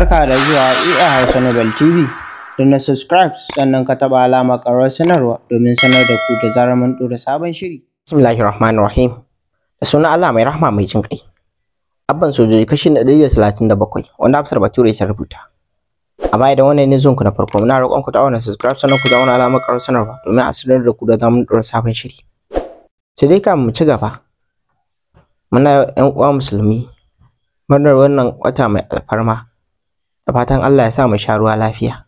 Barka da zuwa EA Hausa Nobel TV. Da na subscribe sannan ka taɓa alamar ƙarar sanarwa domin sanar da ku da zarar mun ɗora sabon shiri. Bismillahir Rahmanir Rahim. Da suna Allah mai rahama mai jin ƙai. Abban sojoji kashi na ɗari da talatin da bakwai wanda Hafsar Bature ta rubuta. A baya da wannan ne zuwan ku na farko muna roƙon ku ta auna subscribe sannan ku zauna alamar ƙarar sanarwa domin a sanar da ku da zamu ɗora sabon shiri. Sai dai kafin mu ci gaba muna 'yan uwa musulmi murnar wannan wata mai alfarma da fatan Allah ya sa mu sha ruwa lafiya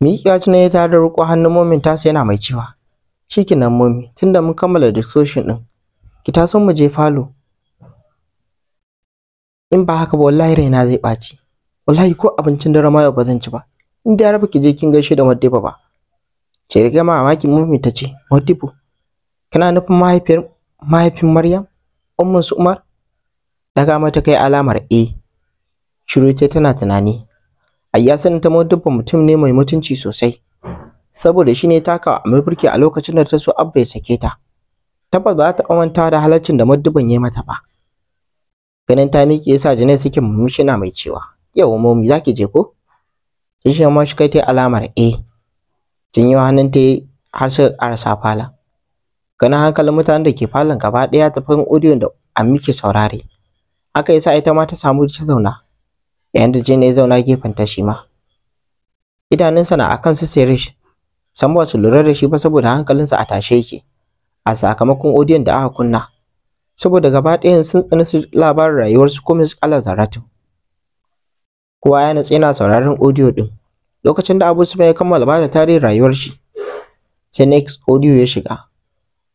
miƙiya tuna ya tare da riƙo hannun momin tasa yana mai cewa kinan momi tunda mun kammala discussion ɗin. ki taso mu je falo in ba haka ba wallahi raina zai ɓaci wallahi ko abincin dare ma yau ba zan ci ba in da rabu ki je kin gaishe da Madiba ba ce riga mamaki mummi ta ce Madibu kana nufin mahaifiyar mahaifin Maryam ummun su Umar daga mata kai alamar eh Shiru ta tana tunani. sanin ta dubba mutum ne mai mutunci sosai. Saboda shi ne taka mafarki a lokacin da ta so Abba ya sake ta. Tabbas ba ta manta da halaccin da madubin ya mata ba. Ganin ta miƙe yasa Janai suke na mai cewa, "Yau momi zaki je ko?" Ishe ma shi kai ta alamar eh. A. Janyo hannun ta har suka ƙarasa fala. Ganin hankalin mutanen da ke falon gaba ɗaya tafin odiyon da an miki saurare. Aka yasa ita ma ta samu ta zauna yayin da Jane ya zauna gefen ta shi ma idanunsa na akan su Sirish san ba su lura da shi ba saboda hankalinsa a tashe yake a sakamakon odiyon da aka kunna saboda gaba ɗayan sun tsani su labarin rayuwarsu ko su kala zaratu kowa ya natsi yana sauraron odiyo din lokacin da Abu Sufyan ya kammala bada tarihin rayuwar shi sai next audio ya shiga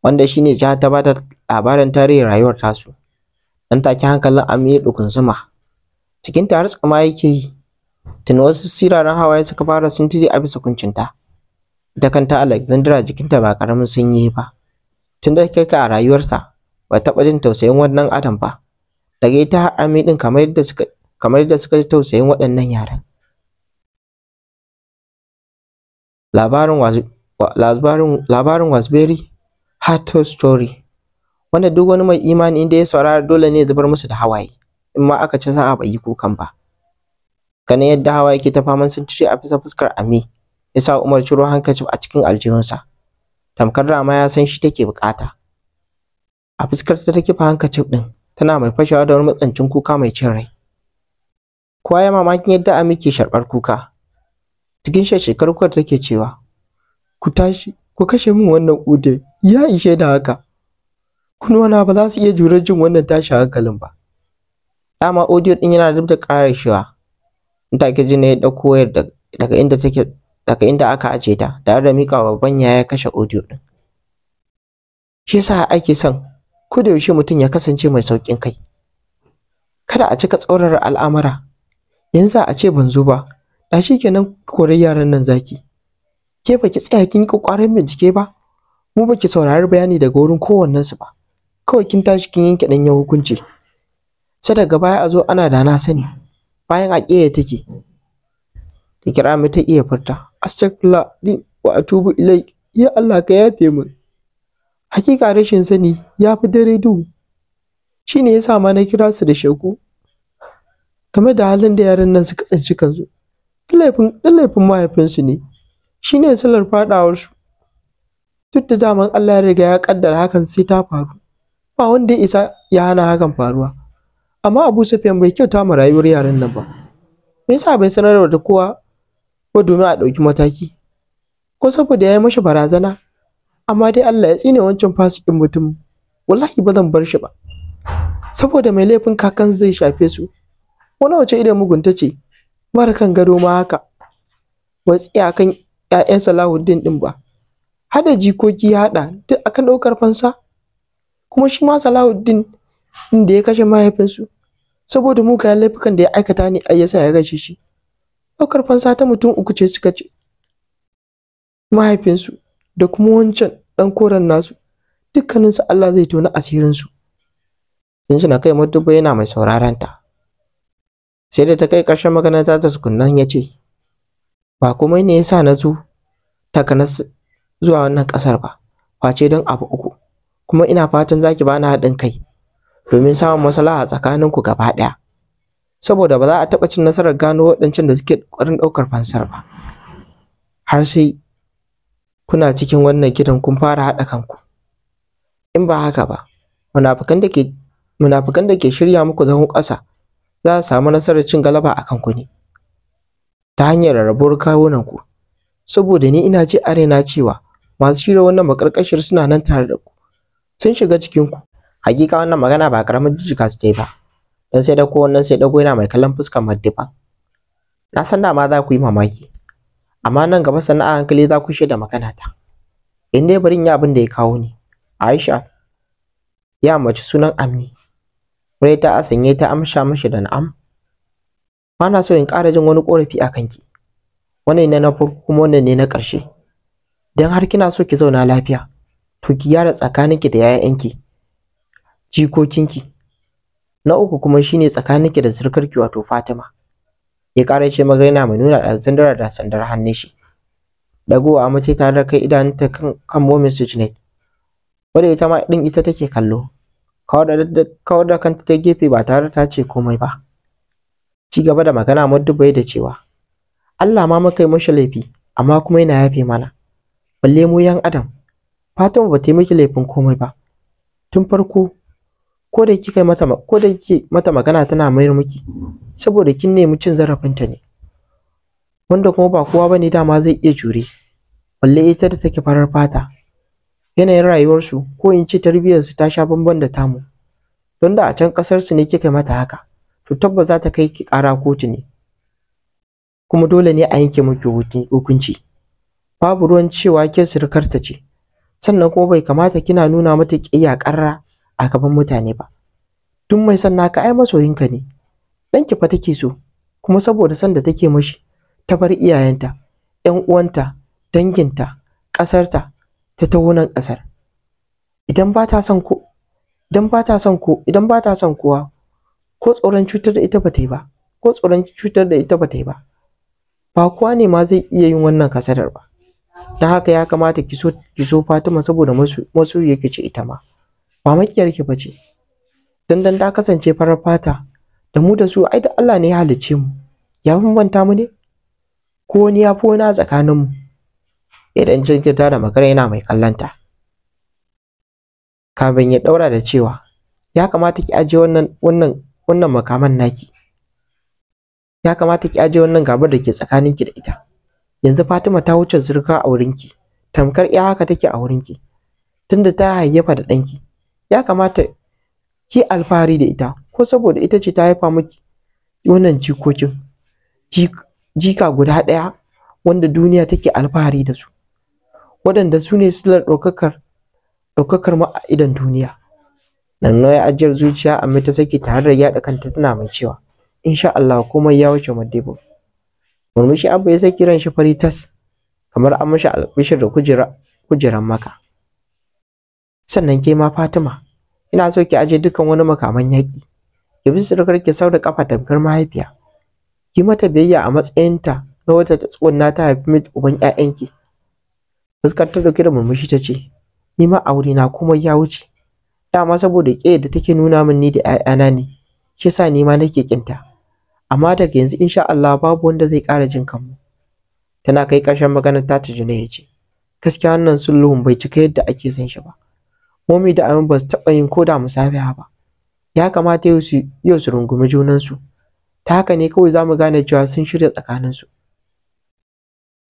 wanda shi ne ja ta bada labarin tarihin rayuwar tasu dan take hankalin Amir dukun zuma cikin har tsama yake yi tun wasu siraran hawaye suka fara sintiri a bisa kuncinta ita kanta alexandra jikinta ba karamin sanyi ba tun da kai ka a rayuwarsa ba taɓa jin tausayin wannan adam ba daga ita har ami din kamar yadda suka kamar yadda suka ji tausayin waɗannan yaran labarin labarin labarin wasberry heart story wanda duk wani mai imani inda ya saurara dole ne ya zubar musu da hawaye in ma aka ci za a bayi kukan ba ganin yadda hawa yake ta faman sun cire a fisa fuskar ame yasa sa umar ciro hankacin a cikin aljihunsa tamkar rama ya san shi take bukata a fuskar ta take hankacin din tana mai fashewa da matsancin kuka mai cin rai kowa ya mamakin yadda ame ke sharbar kuka cikin shekar kuka take cewa ku tashi ku kashe min wannan ude ya ishe da haka kunuwana ba za su iya jure jin wannan tashi hankalin ba dama audio din yana dab da karewa take ji ne ya dauko wayar daga inda take daga inda aka aje ta tare da mika babban ya ya kashe audio din shi yasa ake son ko da yaushe mutum ya kasance mai saukin kai kada a cika tsaurara al'amura yanzu a ce ban zo ba da shi kenan kore yaran nan zaki ke ba ki tsaya kin kokarin bincike ba mu baki ki saurari bayani daga wurin kowannensu ba kawai kin tashi kin yanke ɗanyen hukunci sai daga baya a zo ana da na sani bayan a ƙiyaye take ta kira mai ta iya furta astagfirullah din wa atubu ilai ya Allah ka yafe min hakika rashin sani ya fi dare duhu shine yasa ma na kira su da shaku game da halin da yaran nan suka tsinci kansu laifin laifin mahaifinsu ne shine salar su. duk da daman Allah ya riga ya kaddara hakan sai ta faru ba wanda ya isa ya hana hakan faruwa amma Abu Sufyan bai kyauta ma rayuwar yaran nan ba me yasa bai sanar da kowa ba domin a ɗauki mataki ko saboda ya yi mashi barazana amma dai Allah ya tsine wancan fasikin mutum wallahi ba zan bar shi ba saboda mai laifin kakan zai shafe su wani wace idan mugunta ce mara kan gado ma haka ba tsaya kan ƴaƴan Salahuddin din ba hada jikoki ya hada duk akan ɗaukar fansa kuma shi ma Salahuddin inda ya kashe mahaifinsu saboda mugayen laifukan da ya aikata ne a yasa ya gashe shi ɗaukar fansa ta mutum uku ce suka ce mahaifinsu da kuma wancan ɗan koren nasu dukkaninsu Allah zai tona asirinsu sun suna kai matuba yana mai sauraron ta sai da ta kai ƙarshen magana ta ta ya ce ba komai ne yasa na zo takanas zuwa wannan ƙasar ba face don abu uku kuma ina fatan zaki bani haɗin kai domin samun maslaha tsakaninku gaba ɗaya saboda ba za a taɓa cin nasarar gano waɗancan da suke ƙoƙarin ɗaukar fansar ba har sai kuna cikin wannan gidan kun fara haɗa kanku in ba haka ba munafukan da ke munafukan da ke shirya muku zan ƙasa za a samu nasarar cin galaba a kanku ne ta hanyar rarrabuwar kawunanku saboda ni ina ji arena cewa masu shirya wannan makarkashir suna nan tare da ku sun shiga cikin ku hakika wannan magana ba karamin jijjiga su ta yi ba dan sai dako wannan sai dago yana mai kallon fuskar ba. na san da ma za ku yi mamaki amma nan gaba sana'a hankali za ku shaida magana ta in dai barin ya abin da ya kawo ni Aisha ya mace sunan Amni Rai ta sanye ta amsha mishi da na'am bana so in ƙara jin wani ƙorafi a kanki wannan ne na farko kuma wannan ne na ƙarshe dan har kina so ki zauna lafiya to ki yara tsakaninki da 'ya'yanki jikokinki na uku kuma shine tsakaninki da surkarki wato Fatima ya ƙara ce magana mai nuna da sandara da sandar hannun shi dagowa mace tare da kai idanunta kan kan momin su Junaid Wanda ita ma din ita take kallo kawar da kanta ta gefe ba tare ta ce komai ba ci gaba da magana madubai da cewa Allah ma muka yi mashi laifi amma kuma yana yafe mana balle mu yan adam Fatima ba ta yi miki laifin komai ba tun farko ko da kika mata ko da kike mata magana tana mayar miki saboda kin nemi cin zarafinta ne wanda kuma ba kowa bane dama zai iya jure balle ita da take farar fata yanayin rayuwarsu ko in ce tarbiyyarsu ta sha bamban da tamu don da a can ƙasarsu ne kika mata haka to tabbas za ta kai ki kara kotu ne kuma dole ne a yanke miki hukunci babu ruwan cewa ke surukarta ce sannan kuma bai kamata kina nuna mata kiyaya ƙarra a gaban mutane ba Tun mai son naka ai masoyinka ne ɗanki fa take so kuma saboda son da take mashi ta bar iyayenta ‘yan uwanta danginta ƙasarta ta taho nan ƙasar idan ba ta son ko idan ba ta son ko idan ba ta son kowa ko tsoron cutar da ita ba ta yi ba ko tsoron cutar da ita ba ta yi ba ba kowa ne ma zai iya yin wannan kasadar ba don haka ya kamata ki so Fatima saboda masu yake ce ita ma ba bace ba ce dan dan ta kasance farar fata da mu da su ai da Allah ne ya halicce mu ya bambanta mu ne ko wani ya fi wani a tsakaninmu idan jinkirta da makara yana mai kallonta. kafin ya ɗaura da cewa ya kamata ki aje wannan wannan wannan makaman naki ya kamata ki ajiye wannan gabar da ke tsakaninki da ita yanzu Fatima ta wuce zurka a wurinki tamkar iya haka take a wurinki tunda ta hayyafa da ɗanki ya kamata ki alfahari da ita ko saboda ita ce ta haifa miki wannan jikokin jika guda ɗaya wanda duniya take alfahari da su waɗanda su ne silar ɗaukakar ɗaukakar idan duniya nan ya ajiyar zuciya a ta saki tare da yaɗa kanta tana mai cewa insha Allah komai ya wuce madebo murmushi abba ya saki ran shi fari tas kamar an mashi albishir da kujeran maka sannan ke ma Fatima ina so ki aje dukan wani makaman yaƙi ki bi surukar ki sau da kafa tamkar mahaifiya ki mata biyayya a matsayinta na wata na ta haifi miji uban ƴaƴanki fuskar ta dauke da murmushi ta ce ni ma aure na kuma ya wuce dama saboda ƙe da take nuna min ni da ƴaƴana ne shi sa ni ma nake kinta amma daga yanzu insha Allah babu wanda zai ƙara jin kanmu tana kai ƙarshen maganar ta ta ne ya ce gaskiya wannan sulhun bai cika yadda ake son shi ba momi da amin ba su taɓa yin koda da musafiha ba ya kamata yau su yau su rungumi junansu ta haka ne kawai za mu gane cewa sun shirya tsakaninsu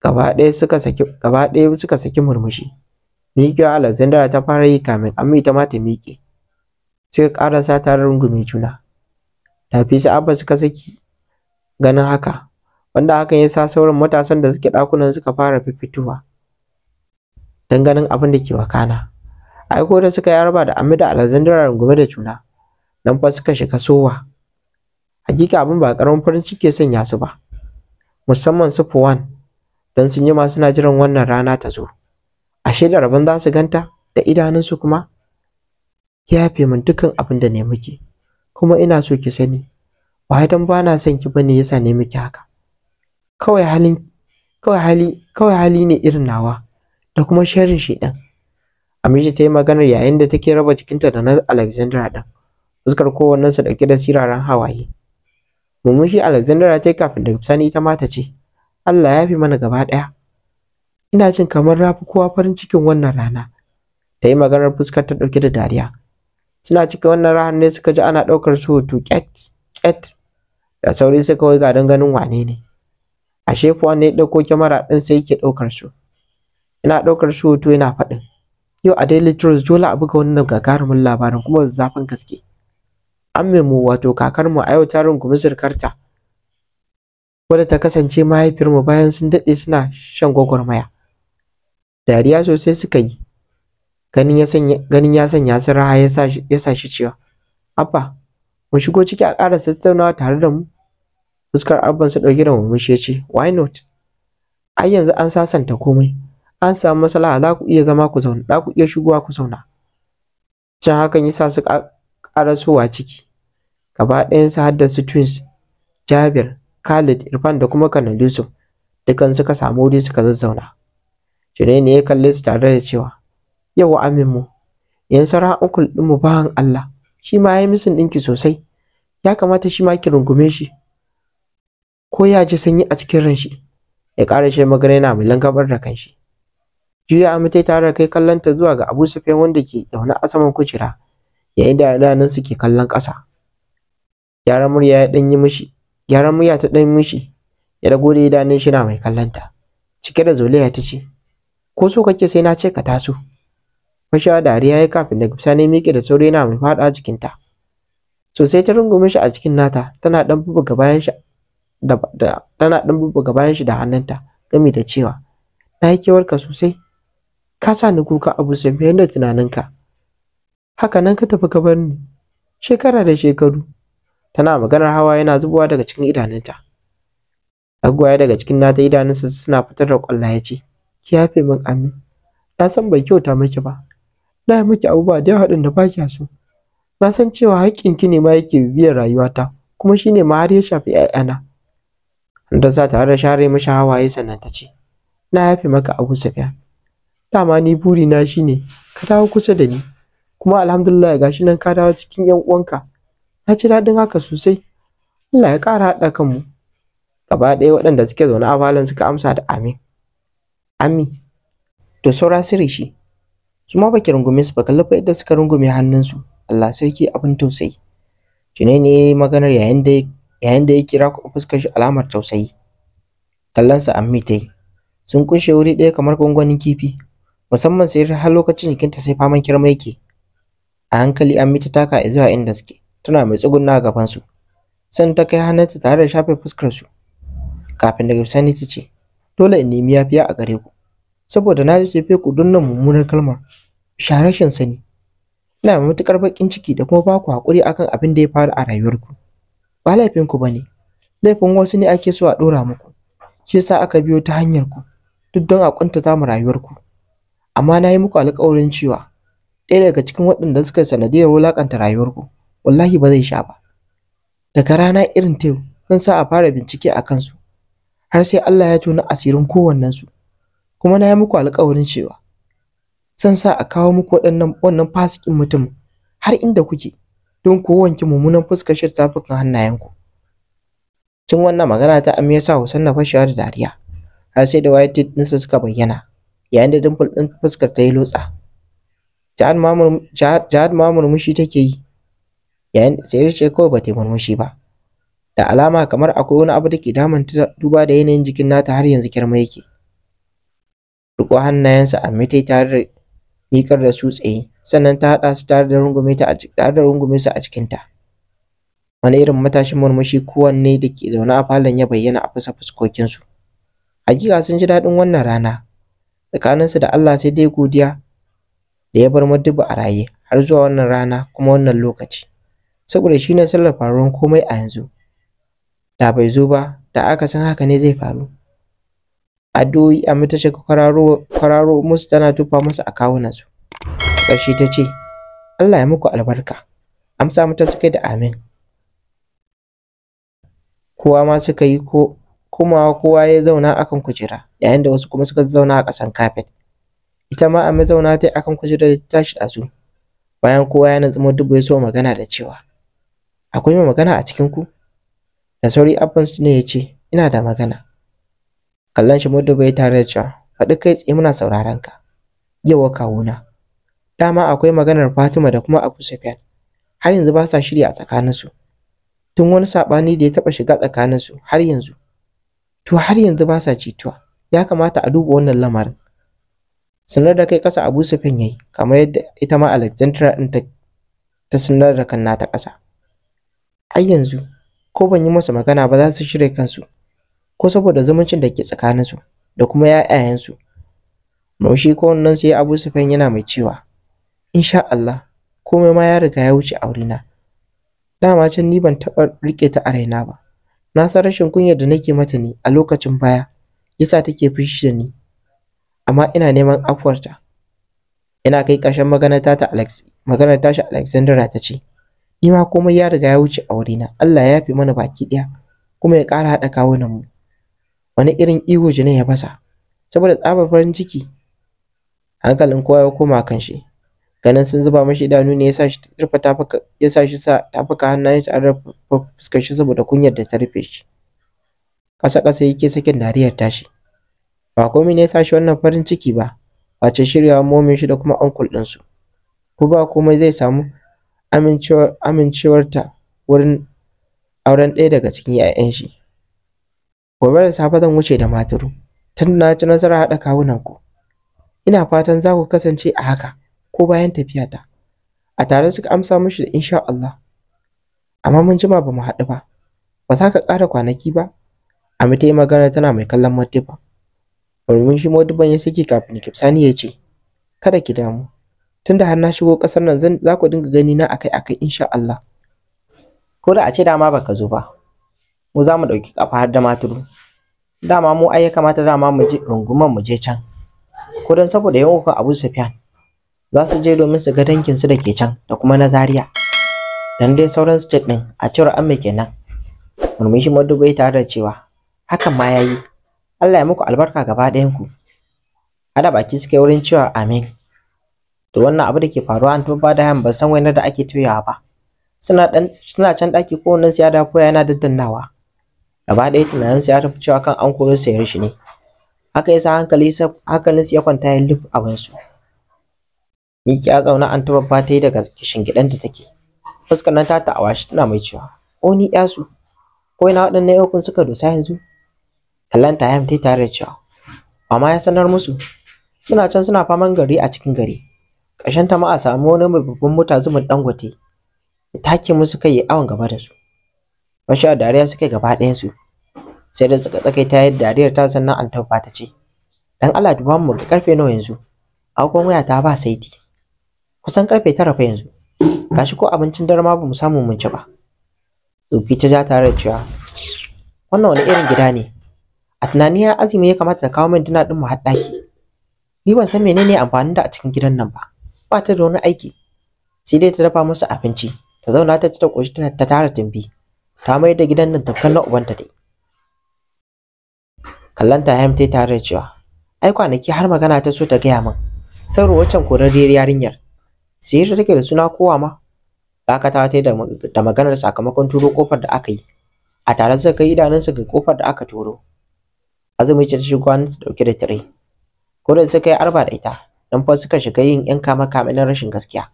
gaba ɗaya suka saki gaba ɗaya suka saki murmushi miƙewa Alexander ta fara yi kamin Aminu ita ma ta miƙe suka ƙarasa tare rungumi juna nafisa abba suka saki ganin haka wanda hakan ya sa sauran matasan da suke ɗakunan suka fara fifitowa dan ganin abin da ke wakana aiko da suka yarba da amida da Alexandra rungume da juna nan fa suka shiga sowa hakika abin ba karamin farin ciki ya sanya su ba musamman su Fuwan dan sun yi ma suna jiran wannan rana ta zo ashe da rabon za su ganta da idanunsu kuma ya fi min dukkan abin da ne muke kuma ina so ki sani ba dan ba na son ki bane yasa ne miki haka kawai halin kawai hali kawai hali ne irin nawa da kuma sharrin shi din Amishi ta yi maganar yayin da take raba jikinta da na Alexandra din, Fuskar kowannensu ɗauke da siraran hawaye. shi Alexandra ta yi kafin da sani ita ma ta ce, Allah ya fi mana gaba ɗaya. Ina jin kamar na kowa farin cikin wannan rana. Ta yi maganar fuskar ta ɗauke da dariya. Suna cikin wannan ranar ne suka ji ana ɗaukar su hoto ket! ƙyat da sauri suka wai ga ganin wane ne. Ashe kuwa ne ɗauko kyamara ɗin sai yake ɗaukar su. Ina ɗaukar su hoto yana faɗin. yau a Daily Trust dole a buga wannan gagarumin labarin kuma zafin gaske amme mu wato kakarmu a yau ta rungumi sirkarta wadda ta kasance mahaifiyarmu bayan sun daɗe suna shan gwagwarmaya dariya sosai suka yi ganin ya sanya su raha ya sa shi cewa abba mu shigo ciki a ƙara tattaunawa tare da mu fuskar abban su ɗauki da murmushi ya ce why not ai yanzu an sasanta komai an samu maslaha za ku iya zama ku zauna za ku iya shigowa ku zauna can hakan yasa su karasowa ciki gaba ɗayansu har da su twins jabir khalid irfan da kuma kanan yusuf dukan suka samu wuri suka zazzauna jirai ne ya kalli su tare da cewa Yau, amin mu yanzu ra'ukul ɗinmu bahan allah shi ma ya yi misin ɗinki sosai ya kamata shi ma ki rungume shi ko ya ji sanyi a cikin ranshi? ya ƙara shi magana yana mai langabar da kanshi. juya amma tare da kai kallonta zuwa ga Abu Sufyan wanda ke zaune a saman kujera yayin da idanun su ke kallon ƙasa yaran murya ya danyi mishi yaran murya ta dan mishi ya dago da idanun shi na mai kallonta cike da zoliya ta ce ko so kake sai na ce ka taso fasha dariya ya kafin da gubsa ne miƙe da sauri yana mai faɗa jikinta sosai ta rungume shi a cikin nata tana dan bubuga bayan shi da tana dan bubuga bayan shi da hannunta gami da cewa na yi kewarka sosai ka sa ni kuka abu mai da tunaninka haka nan ka tafi ka bar ni shekara da shekaru tana maganar hawa yana zubowa daga cikin idanunta agwaya daga cikin nata idanunsa suna fitar da ƙwalla ya ce ki yafe min amin na san bai kyauta miki ba na yi miki abubuwa da yawa da baki kya so na san cewa ki ne ma yake biyan rayuwata kuma shine ma har ya shafi 'ya'yana da za ta da share mishi hawaye sannan ta ce na yafe maka abu safiya dama ni burina shine ka dawo kusa da ni kuma alhamdulillah gashi nan ka dawo cikin yan uwanka na ji daɗin haka sosai Allah ya ƙara haɗa kanmu gaba ɗaya waɗanda suke zaune a falon suka amsa da amin ami to saura sirri shi su ma baki rungume su ba lafa yadda suka rungume hannunsu Allah sarki abin tausayi Tune ne maganar yayin da yayin da ya kira fuskar shi alamar tausayi kallon Ami ammi tai sun kushe wuri ɗaya kamar gwangwanin kifi musamman sai har lokacin jikinta sai faman kirma yake a hankali an mita taka zuwa inda suke tana mai tsugunna a gaban su san ta kai hannunta tare da shafe fuskar su kafin daga sani ta ce dole in nemi yafiya a gare ku saboda na jefe ku dunnan mummunar kalmar sharashin sani ina mai matukar bakin ciki da kuma baku hakuri akan abin da ya faru a rayuwarku ba laifin ku bane laifin wasu ne ake so a dora muku shi yasa aka biyo ta hanyar ku duk don a kuntata mu rayuwarku amma na yi muku alƙawarin cewa ɗaya daga cikin waɗanda suka sanadiyar wulaƙanta rayuwarku wallahi ba zai sha ba daga rana irin ta yau zan sa a fara bincike a kansu har sai Allah ya tona asirin kowannensu kuma na yi muku alƙawarin cewa zan sa a kawo muku waɗannan wannan fasikin mutum har inda kuke don ku wanke mummunan fuskar shi tafukan hannayenku cin wannan magana ta amiyar sa Hussein na fashewa da dariya har sai da wayar nisa suka bayyana yayin da dimple ɗin fuskar ta yi lotsa jihad ma murmushi take yi yayin da sai ce kawai ba ta murmushi ba da alama kamar akwai wani abu da ke ta duba da yanayin jikin nata har yanzu kirma yake riko hannayensa a mitai tare da miƙar da su tsaye sannan ta haɗa su tare da rungume ta tare da rungume su a cikinta wani irin matashin murmushi kowanne da ke zaune a falon ya bayyana a fasa fuskokinsu hakika sun ji daɗin wannan rana tsakaninsu da Allah sai dai godiya da ya bar madubu a raye har zuwa wannan rana kuma wannan lokaci saboda shi ne sallar faruwar komai a yanzu da bai zo ba da aka san haka ne zai faru addu'o'i a mata ce kwararo musu tana tufa musu a kawunansu ƙarshe ta ce Allah ya muku albarka amsa mata suka da amin kowa ma suka yi ko komawa kowa ya zauna akan kujera yayin da wasu kuma suka zauna a ƙasan kafet ita ma a mazauna ta yi akan kujerar ta tashi a su bayan kowa ya nutsu dubu ya so magana da cewa akwai mai magana a cikin ku da sauri su ne ya ce ina da magana kallon shi mudu bai tare da cewa faɗi kai tsaye muna sauraron ka yawa kawuna dama akwai maganar Fatima da kuma Abu Sufyan har yanzu ba sa shirya a tsakaninsu tun wani saɓani da ya taɓa shiga tsakaninsu har yanzu to har yanzu ba sa cituwa ya kamata a duba wannan lamarin sanar da kai ƙasa abu sufin yayi kamar yadda ita ma alexandra ɗin ta, ta sanar da kan nata ƙasa har yanzu ko ban yi masa magana ba za su shirya kansu ko saboda zumuncin da ke tsakaninsu da kuma ‘ya'yayensu maushi ko wannan sai abu sufin yana mai cewa insha Allah komai ma ya riga ya wuce aurena dama can ni ban taɓa riƙe ta a raina ba Na san rashin kunyar da nake mata ne a lokacin baya, yasa take fushi da ni. Amma ina neman afwarta. Ina kai ƙarshen maganar ta Alex, maganar tashi Alexandra ta ce, Ni ma komai ya riga ya wuce a na, Allah ya fi mana baki ɗaya, kuma ya ƙara haɗa kawunan mu. Wani irin ihu jini ya basa saboda tsabar farin ciki, hankalin kowa ya koma kan shi. ganin sun zuba mashi idanu ne ya sa shi ta tafuka ya sa shi sa hannayen shi a rufe fuskar shi saboda kunyar da ta rufe shi ƙasa ƙasa yake sakin dariyar tashi ba komai ne ya sa shi wannan farin ciki ba face shiryawa momin shi da kuma onkul su ko ba komai zai samu amincewar amincewarta wurin auren ɗaya daga cikin 'ya'yan shi gobe da safe zan wuce da maturu tun na ci nasara haɗa kawunan ku ina fatan za ku kasance a haka ko bayan tafiya ta. a tare suka amsa mishi da insha Allah amma mun jima ba mu haɗu ba ba za ka ƙara kwanaki ba A ta yi magana tana mai kallon mun shi madiban ya saki kafin Kipsani ya ce kada ki damu tunda har na shigo ƙasar nan zan za ku dinga gani na akai-akai insha Allah ko da a ce dama baka zo ba mu za mu ɗauki ƙafa har da maturu dama mu ai ya kamata dama mu je runguman mu je can ko don saboda yawan abu Sufyan za su je domin su ga danginsu da ke can da kuma na Zaria. Dan dai sauran state din a cewar Amma kenan. Murmushi madubai tare da cewa hakan ma yayi. Allah ya muku albarka gaba ɗayan ku. Ada baki suka wurin cewa amin. Da wannan abu da ke faruwa an tuba da yan sa san wainar da ake tuyawa ba. Suna dan suna can daki ko wannan siya da koya yana daddannawa. Gaba ɗaya tunanin ya tafi cewa kan an koro sayar shi ne. Haka yasa hankali hankalin su ya kwanta ya lif abin su. ya zauna an taba fata yi daga gidan da take fuskar nan ta a washe tana mai cewa o ni yasu ko ina waɗannan yaukun suka dosa yanzu kallon ta yamta tare da cewa amma ya sanar musu suna can suna faman gari a cikin gari ƙarshen ta ma a samu wani babban mota zumin dangote ya take musu kai ya awon gaba da su a dariya suka gaba ɗayan sai da suka tsakai ta yadda dariyar ta sannan an ta ce dan Allah duba mu ga karfe nawa yanzu akwai waya ta ba saiti kusan karfe tara fa yanzu gashi ko abincin dare ma bamu samu mun ci ba tsoki ta ja tare da cewa wannan wani irin gida ne a tunani ya azumi ya kamata ta kawo min dina din mu haddaki ni ban san menene amfanin da a cikin gidan nan ba ba ta da wani aiki sai dai ta dafa musu abinci ta zauna ta ci ta koshi ta tara tumbi ta mai da gidan nan tamkar na ubanta dai kallanta ya ta tare da cewa ai kwanaki har magana ta so ta gaya min saboda waccan korarriyar yarinyar ta take da suna kowa ma dakatawa ta da maganar sakamakon turo kofar da aka yi a tare suka kai idanunsa ga kofar da aka turo azumi ce ta shigo hannunta dauke da tire kodin suka yi arba da ita dan fa suka shiga yin yan kama kame na rashin gaskiya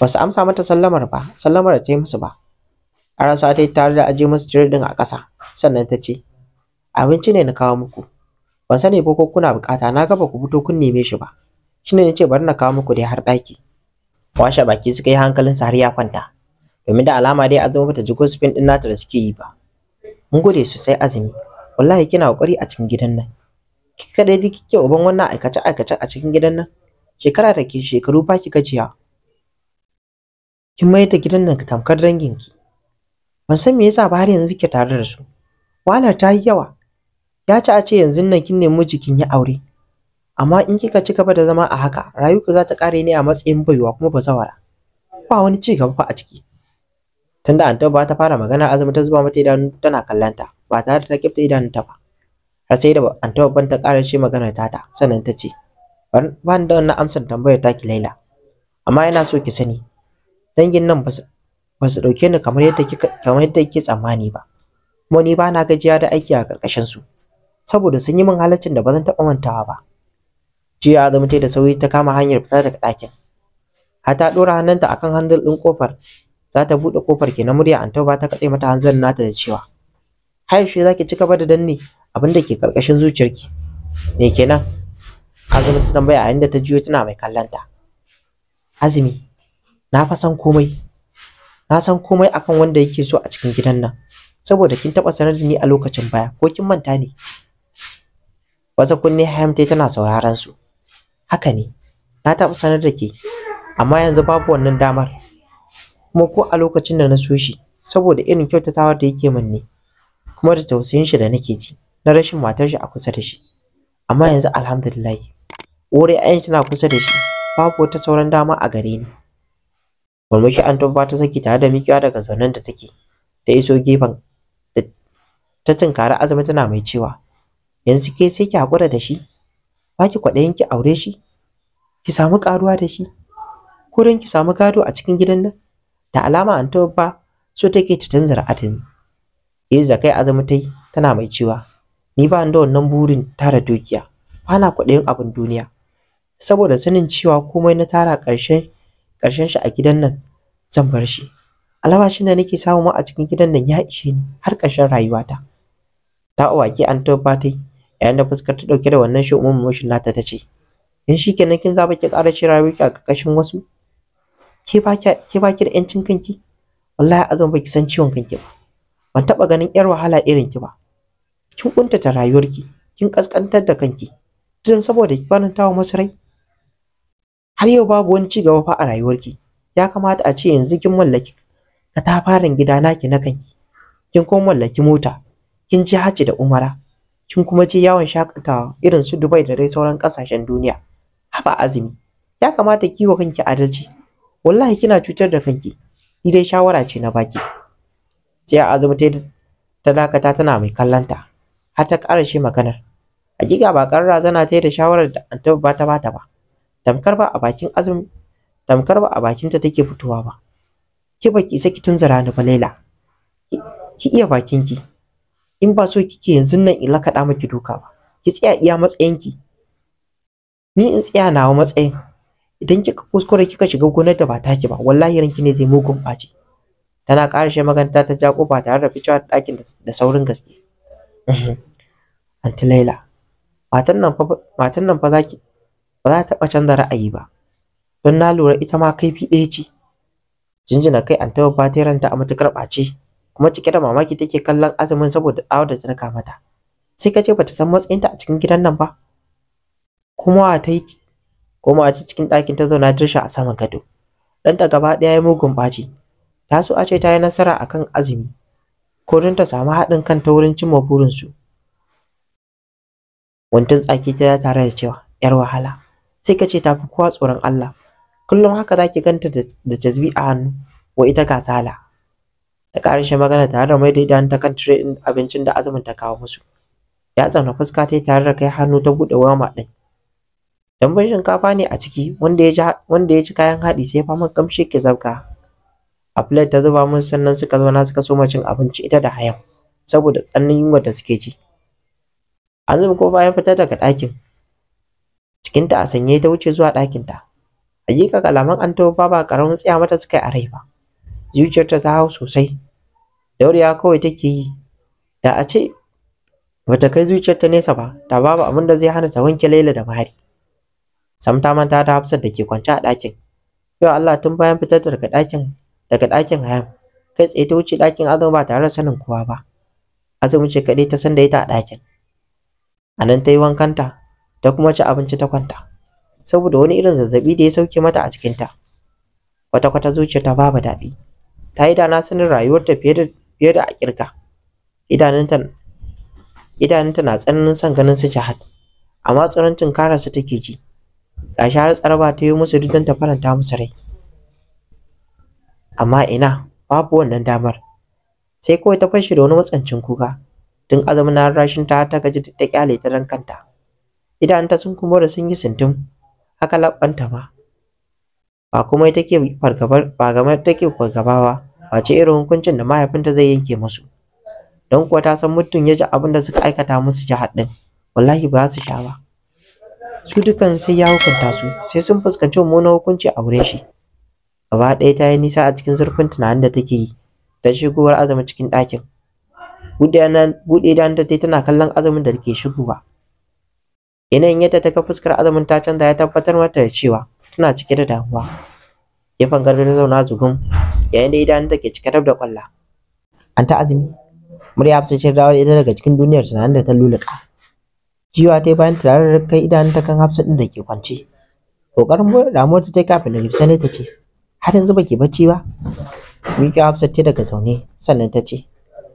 basu amsa mata sallamar ba sallamar da ta yi musu ba sa ta yi tare da aje musu tire a ƙasa sannan ta ce abinci ne na kawo muku ban sani ko kuna bukata na ga ba ku fito kun neme shi ba shine ne ce bari na kawo muku dai har ɗaki Washa baki suka yi hankalinsa har ya kwanta domin da alama dai azumi bata ji gossipin din nata da suke yi ba mun gode sosai azumi wallahi kina kokari a cikin gidan nan ki kadai dai kike uban wannan aikace aikace a cikin gidan nan shekara da ke shekaru fa ki gajiya kin mai da gidan nan ka tamkar danginki ban san me yasa ba har yanzu kike tare da su wahalar ta yi yawa ya ci a ce yanzu nan kin nemi jikin ya aure amma in kika ci gaba da zama a haka rayuwarki za ta ƙare ne a matsayin baiwa kuma bazawara ba wani ci gaba fa a ciki tunda Anta ta fara magana azumi ta zuba mata idanu tana kallanta ba tare da ta kifta ta ba har sai da antaba ban ta ƙara ce maganar tata sannan ta ce ba ni da wannan amsar tambayar ta ki laila amma yana so ki sani dangin nan ba su ɗauke ni kamar yadda kamar yadda kike tsammani ba kuma ni ba na gajiya da aiki a ƙarƙashin su saboda sun yi min halaccin da ba zan taɓa mantawa ba Jiya Adamu ta da sauri ta kama hanyar fita daga ɗakin. Har ta ɗora hannunta akan handil ɗin ƙofar, za ta buɗe ƙofar na murya Antoba ta katse mata hanzarin nata da cewa, har yaushe za ki ci gaba da danne abin da ke ƙarƙashin zuciyarki? Me kenan? Azumi ta tambaya a inda ta jiyo tana mai kallonta. Azumi, na fa san komai. Na san komai akan wanda yake so a cikin gidan nan. Saboda kin taɓa sanar da ni a lokacin baya ko kin manta ne? Wasa kunne Hayam tana sauraron su. haka ne na taɓa sanar da ke amma yanzu babu wannan damar kuma ko a lokacin da na so shi saboda irin kyautatawar da yake min ne kuma da tausayin shi da nake ji na rashin matar shi a kusa da shi amma yanzu alhamdulillah ore ayin tana kusa da shi babu wata sauran dama a gare ni murmushi an tabbata ta saki tare da mikiwa daga zaunen da take ta iso gefen ta tunkari azumi tana mai cewa yanzu ke sai ki haƙura da shi ba ki kwaɗayin ki aure shi ki samu karuwa da shi ko don ki samu gado a cikin gidan nan da alama an ba so take ta tanzara atimi eh zakai azumi tai tana mai cewa ni ba da wannan burin tara dukiya ba na kwaɗayin abin duniya saboda sanin cewa komai na tara ƙarshen ƙarshen shi a gidan nan zan bar shi Alama shin da nake samu a cikin gidan nan ya ishe ni har ƙarshen rayuwata ta uwaki an tabbatai yayin da fuskar ta ɗauke da wannan shi umar mashin nata ta ce in shi kenan kin zaba ki ƙara shi rayuwarki a ƙarƙashin wasu ke ba ki da ƴancin kanki wallahi azan ki san ciwon kanki ba ban taba ganin 'yar wahala irin ki ba kin kuntata ki? kin ƙasƙantar da kanki dan saboda ki faranta tawo masu rai har yau babu wani ci gaba fa a rayuwarki ya kamata a ce yanzu kin mallaki katafaren gida naki na kanki kin kuma mallaki mota kin ji haji da umara kin kuma ce yawon shakatawa irin su Dubai da dai sauran kasashen duniya. Haba azumi, ya kamata ki wa kanki adalci. Wallahi kina cutar da kanki. Ni dai shawara ce na baki. Sai azumi ta ta dakata tana mai kallanta har ta karashe maganar. Hakika ba karra zana ta da shawarar da Antabu ba ta bata ba. Tamkar ba a bakin azumi tamkar ba a bakinta take fitowa ba. Ki baki saki tun zara ni ba Laila. Ki iya bakin ki in ba so kike yanzu nan in lakaɗa miki duka ba ki tsaya iya matsayinki ni in tsaya nawa matsayin idan kika kuskure kika shiga gonar da ba taki ba wallahi ranki ne zai mugun ɓaci tana ƙarashe maganta ta jako ba tare da ficewa ɗakin da saurin gaske uhm. anti laila matan nan fa matan nan fa za ba za ta taɓa canza ra'ayi ba don na lura ita ma kaifi ɗaya ce jinjina kai an taɓa batiran ta a matuƙar ɓace kuma cike da mamaki take kallon azumin saboda tsawon da ta mata sai ka ce bata san matsayinta a cikin gidan nan ba kuma ta yi kuma cikin ɗakin ta zauna dirsha a saman gado ɗanta gaba ɗaya ya mugun baci ta so a ce ta yi nasara akan azumi ko don ta samu haɗin kan ta wurin cimma burinsu wantun tsaki ta tare da cewa ‘yar wahala sai ka ce ta kowa tsoron Allah kullum haka za ki ganta da jazbi a hannu wa ita sala. ta ƙarashe magana tare da maida ta kan tire abincin da azumin ta kawo musu ya tsana fuska ta tare da kai hannu ta buɗe wama din dambun shinkafa ne a ciki wanda ya ci kayan haɗi sai mun kamshe ke zabka a plate ta zuba mun sannan suka zauna suka soma cin abinci ita da hayan saboda tsananin yunwa da suke ji azumin ko bayan fita daga ɗakin cikinta a sanye ta wuce zuwa ɗakinta hakika kalaman an tawo ba karamin tsaya mata suka yi a rai ba zuciyarta ta hau sosai Dauriya kawai take yi da a ce bata kai zuciyarta nesa ba da babu abin da zai hana ta wanke laila da bari sam ta manta ta hafsat da ke kwance a ɗakin yau Allah tun bayan fitar daga ɗakin daga ɗakin hayan kai tsaye ta wuce ɗakin azumi ba tare da sanin kowa ba azumi ce kaɗai ta san da ita a ɗakin a nan ta yi wankanta ta kuma ci abinci ta kwanta saboda wani irin zazzabi da ya sauke mata a cikinta kwata-kwata zuciyarta babu daɗi ta yi dana sanin rayuwarta fiye da a kirga idanunta na tsananin son ganin su jihad amma karasa ta take ji ga har tsaraba ta yi musu dudon ta faranta musu rai amma ina babu wannan damar sai kawai ta fashe da wani matsancin kuka tun azumin rashin ta ta gaji ta kyale ta dan kanta idanunta sun kuma da sun yi sintin, haka labbanta ma ba komai take fargabar ba gamar take fargabawa ce irin hukuncin da mahaifinta zai yanke musu don kuwa ta san mutum ya ji abin da suka aikata musu jihar haɗin, wallahi ba su sha ba su dukan sai ya hukunta su sai sun fuskanci mummunan hukunci a wurin shi gaba ɗaya ta yi nisa a cikin zurfin tunanin da take yi ta shigowar azumin cikin ɗakin buɗe idanunta ta tana kallon azumin da take shigowa yanayin yadda ta ga fuskar azumin ta canza ya tabbatar mata da cewa tana cike da damuwa gefen gado ta zauna zugun yayin da idanun take cike da kwalla an ta azumi murya hafsa ce dawo ita daga cikin duniyar tunanin da ta luluka jiwa ta bayan tare kai idanun ta kan hafsa din da ke kwance kokarin damuwar ta kafin da ne ta ce har yanzu baki bacci ba miƙa hafsa ta daga zaune sannan ta ce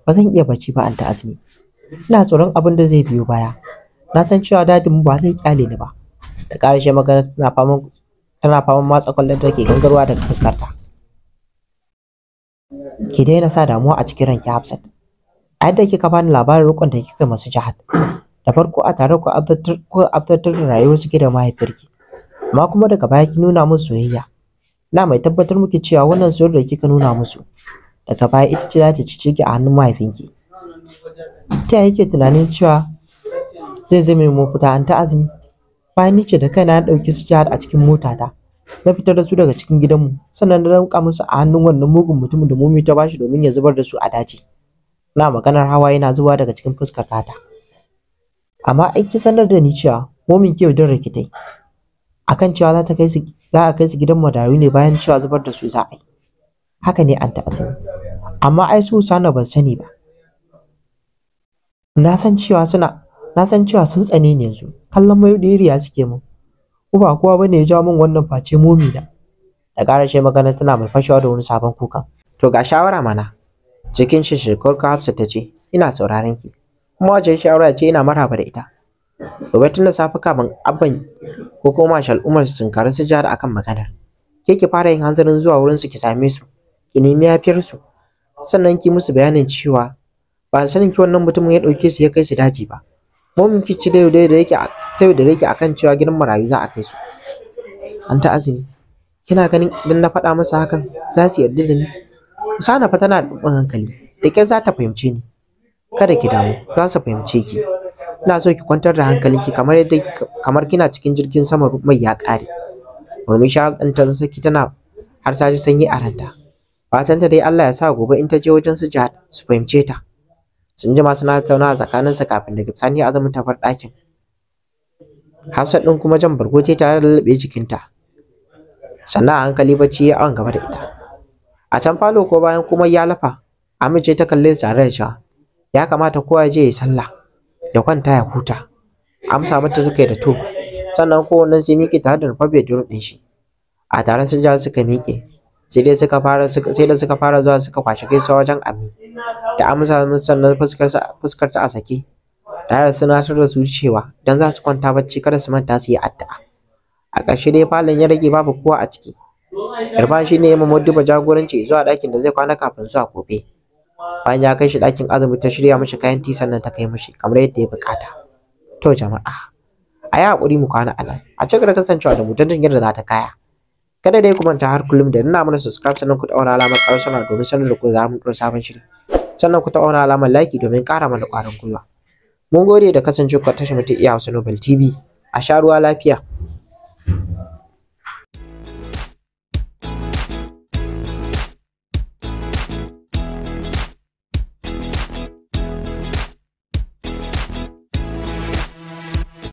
ba zan iya bacci ba an ta azumi ina tsoron abin da zai biyo baya na san cewa dadin ba zai kyale ni ba da ƙarshe magana tana faman tana faman matsa kwallon da ke gangarwa daga fuskarta ki daina sa damuwa a cikin ranki Hafsat a yadda kika bani labarin rukun da kika masu jihad da farko a tare ku abdatar da rayuwar su da mahaifarki, amma kuma daga baya ki nuna musu soyayya na mai tabbatar miki cewa wannan soyayya da kika nuna musu daga baya ita ce za ta cice ki a hannun mahaifinki ta yake tunanin cewa zai zame mu fita an ta azumi bayan ni ce da kaina na ɗauki su jihar a cikin ta, na fitar da su daga cikin gidanmu sannan na ranka musu a hannun wannan mugun mutumin da momi ta bashi domin ya zubar da su a daji na maganar hawa yana zuwa daga cikin fuskar tata amma ai ki sanar da ni cewa momin ke yaudar rikitai akan cewa za ta kai su za a kai su gidan madari ne bayan cewa zubar da su za a yi haka ne an ta sani amma ai su sana ban sani ba na san cewa suna na san cewa sun tsane ne yanzu kallon mayoɗeriya suke min ko ba kowa bane ya jawo min wannan face momi na da ƙarashe magana tana mai fashewa da wani sabon kukan to ga shawara mana cikin shishirkar ka hafsa ta ce ina sauraron ki kuma wajen shawara ce ina maraba da ita gobe tun da safe kafin abban ko kuma umar su tunkari su jara akan maganar ke ki fara yin hanzarin zuwa wurin su ki same su ki nemi yafiyar su sannan ki musu bayanin cewa ba sanin ki wannan mutumin ya ɗauke su ya kai su daji ba mu muke ci da yau da yake ta da yake akan cewa gidan marayu za a kai su an ta azumi kina ganin idan na faɗa masa hakan za su yarda da ni Usana fa tana da ɗumbin hankali da kyar za ta fahimce ni kada ki damu za su fahimce ki ina so ki kwantar da hankali, kamar yadda kamar kina cikin jirgin sama mai ya ƙare murmushi hakan ta saki tana har ta ji sanyi a ranta fatan ta dai Allah ya sa gobe in ta je wajen su jihar su fahimce ta sun jima suna tsakanin su kafin da bisani a zaman tafar ɗakin hafsat ɗin kuma jan bargo ce tare da jikinta sannan a hankali bacci ya awon gaba da ita a can falo ko bayan kuma ya lafa amince ta kalle su tare da cewa ya kamata kowa ya je ya sallah ya kwanta ya huta amsa mata suka yi da to sannan kowannen sai miƙe tare da bai duru ɗin shi a taron sun ja suka miƙe sai dai suka fara sai da suka fara zuwa suka kwashi gaisuwa wajen ami Da amsa musu sannan fuskarta a sake tare da suna da su cewa dan za su kwanta bacci kada su manta su yi addu'a a ƙarshe dai falon ya rage babu kowa a ciki yarba shi ne ya duba jagoranci zuwa ɗakin da zai kwana kafin zuwa gobe bayan ya kai shi ɗakin azumi ta shirya mashi kayan ti sannan ta kai mishi kamar yadda ya bukata to jama'a a yi haƙuri mu kwana a nan a cikin kasancewa da mu yadda za ta kaya kada dai ku manta har kullum da nuna mana subscribe sannan ku taɓa alamar sana domin sanar da ku za mu ɗora sabon shirin sannan ku taɓa alamar like domin ƙara mana ƙwarin gwiwa mun gode da kasance ku tashi mutum iya Hausa Nobel TV a sha ruwa lafiya